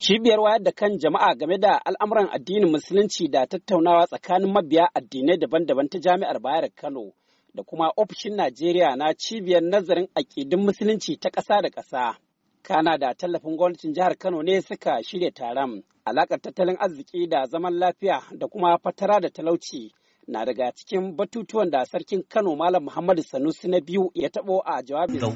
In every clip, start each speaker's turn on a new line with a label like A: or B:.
A: Cibiyar wayar da kan jama'a game da al'amuran addinin musulunci da tattaunawa tsakanin mabiya addinai daban-daban ta jami'ar Bayar Kano da kuma ofishin Najeriya na cibiyar nazarin aƙidun musulunci ta ƙasa da ƙasa. Kana da tallafin gwamnatin jihar Kano ne suka shirya taron. Alaƙar tattalin arziki da zaman lafiya da kuma fatara da talauci na daga cikin batutuwan da sarkin Kano Malam Muhammadu Sanusi na biyu ya taɓo a jawabinsa.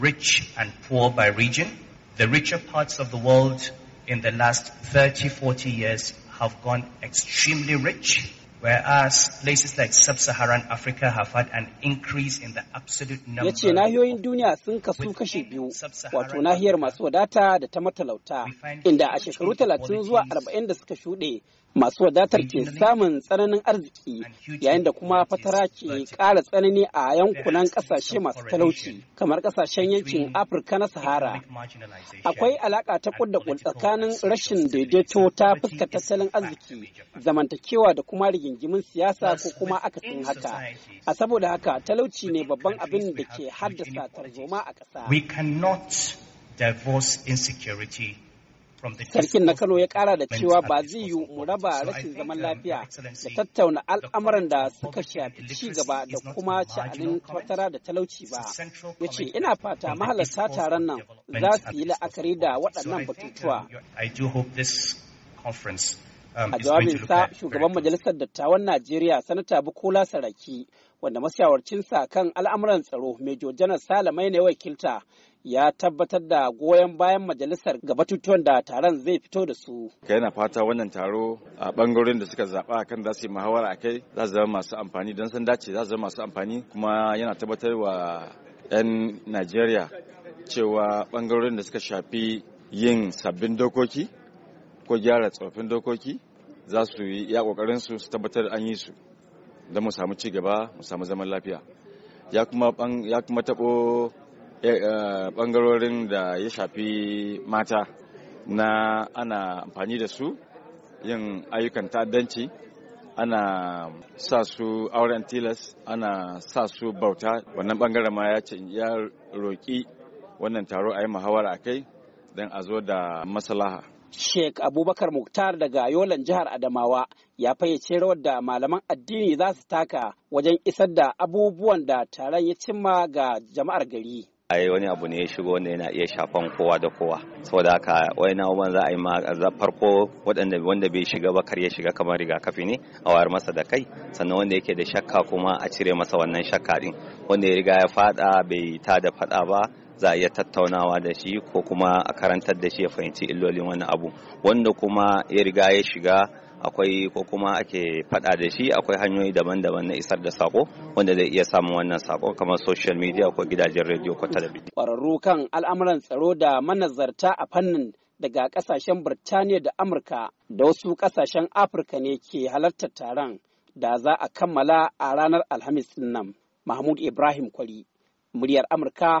B: rich and poor by region. The richer parts of the world in the last 30, 40 years have gone extremely rich, whereas places like sub-Saharan Africa have had an increase in the absolute number. Yace
A: nahiyoyin duniya sun kasu kashi biyu, wato nahiyar masu wadata da ta matalauta, inda a shekaru 30 zuwa 40 da suka shuɗe masu wadatar ke samun tsananin arziki yayin da kuma fatara ke ƙara tsanani a yankunan ƙasashe masu talauci kamar ƙasashen yankin afirka na sahara akwai alaƙa ta kudda tsakanin rashin daidaito ta fuskar tattalin arziki zamantakewa da kuma rigingimin siyasa ko kuma akasin haka a saboda haka talauci ne babban abin da ke haddasa tarzoma a ƙasa. Sarkin na Kano ya kara da cewa ba zai yi mu raba rashin zaman um, lafiya da tattauna al'amuran da suka shafi ci gaba da kuma sha'anin fatara da talauci ba. Ya ce ina fata mahalarta taron nan za su yi la'akari da waɗannan um, batutuwa.
B: Um, a jawabin jawabinsa
A: shugaban majalisar dattawan Najeriya sanata Bukola Saraki wanda masyawarcinsa kan al'amuran tsaro Mejo Janar Salamai ne wakilta ya tabbatar da goyon bayan majalisar ga batutuwan da taron zai fito da su.
C: Yana fata wannan taro a bangarorin da suka zaɓa kan za su yi muhawara a kai za su zama masu amfani don san dace za zama masu amfani kuma yana tabbatar wa 'yan Najeriya cewa bangarorin da suka shafi yin sabbin dokoki ko gyara tsoffin dokoki za su yi ya kokarin su su tabbatar an yi su don mu samu ci gaba mu samu zaman lafiya ya kuma ya kuma tabo bangarorin eh, eh, da ya shafi mata na ana amfani da su yin ayyukan ta'addanci ana sa su auren tilas ana sa su bauta wannan bangaren ma ya ce ya roƙi wannan taro a yi muhawara a kai don a zo da masalaha
A: Sheikh Abubakar Muktar daga Yolan jihar Adamawa ya fayyace rawar da malaman addini za su taka wajen isar da abubuwan da taron ya cimma ga jama'ar gari.
B: ai wani abu ne ya shigo wanda yana iya shafan kowa da kowa saboda haka wani abubuwan za a yi ma farko waɗanda wanda bai shiga ba kar ya shiga kamar rigakafi ne a wayar masa da kai sannan wanda yake da shakka kuma a cire masa wannan shakka din wanda ya riga ya fada bai ta da fada ba za a iya tattaunawa da shi ko kuma a karantar da shi ya fahimci illolin wani abu wanda kuma ya riga ya shiga akwai ko kuma ake faɗa da shi akwai hanyoyi daban-daban na isar da sako wanda zai iya samun wannan sako kamar social media ko gidajen rediyo ko talabijin.
A: kwararru kan al'amuran tsaro da manazarta a fannin daga ƙasashen Birtaniya da Amurka da wasu ƙasashen Afirka ne ke halartar taron da za a kammala a ranar Alhamis nan. Mahmud Ibrahim Kwari, muryar Amurka